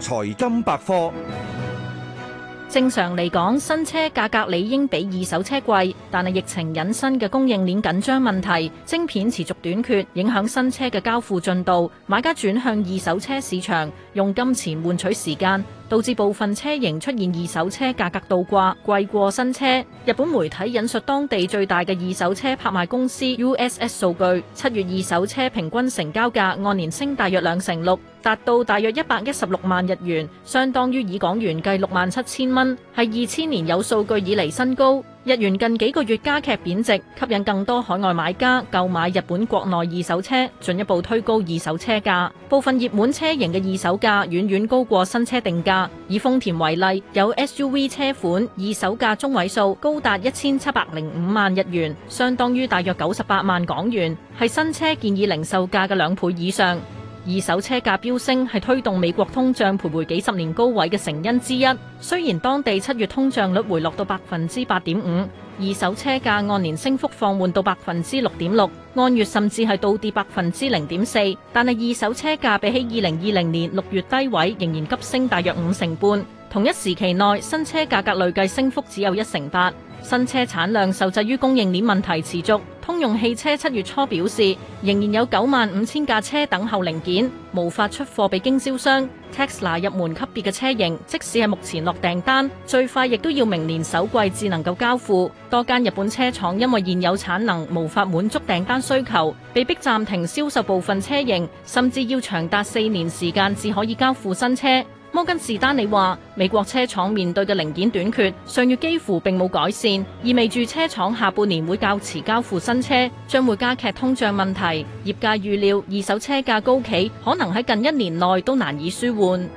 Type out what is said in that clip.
財金百科。正常嚟講，新車價格理應比二手車貴，但係疫情引申嘅供應鏈緊張問題，晶片持續短缺，影響新車嘅交付進度，買家轉向二手車市場，用金錢換取時間，導致部分車型出現二手車價格，格倒掛，貴過新車。日本媒體引述當地最大嘅二手車拍賣公司 USS 數據，七月二手車平均成交價按年升大約兩成六。達到大約一百一十六萬日元，相當於以港元計六萬七千蚊，係二千年有數據以嚟新高。日元近幾個月加劇貶值，吸引更多海外買家購買日本國內二手車，進一步推高二手車價。部分熱門車型嘅二手價遠遠高過新車定價。以豐田為例，有 SUV 車款二手價中位數高達一千七百零五萬日元，相當於大約九十八萬港元，係新車建議零售價嘅兩倍以上。二手車價飆升係推動美國通脹徘徊幾十年高位嘅成因之一。雖然當地七月通脹率回落到百分之八點五，二手車價按年升幅放緩到百分之六點六，按月甚至係倒跌百分之零點四，但係二手車價比起二零二零年六月低位仍然急升大約五成半。同一時期內，新車價格累計升幅只有一成八，新車產量受制於供應鏈問題持續。通用汽車七月初表示，仍然有九萬五千架車等候零件。無法出貨俾經銷商。Tesla 入門級別嘅車型，即使係目前落訂單，最快亦都要明年首季至能夠交付。多間日本車廠因為現有產能無法滿足訂單需求，被迫暫停銷售部分車型，甚至要長達四年時間至可以交付新車。摩根士丹利話，美國車廠面對嘅零件短缺上月幾乎並冇改善，意味住車廠下半年會較遲交付新車，將會加劇通脹問題。業界預料二手車價高企，可能可能喺近一年內都難以舒緩。